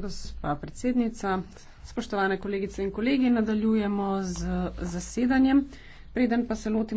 Gospa predsednica, spoštovane kolegice in kolegi, nadaljujemo z zasedanjem. Preden pa se lotimo...